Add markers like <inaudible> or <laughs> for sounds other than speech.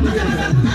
I'm <laughs>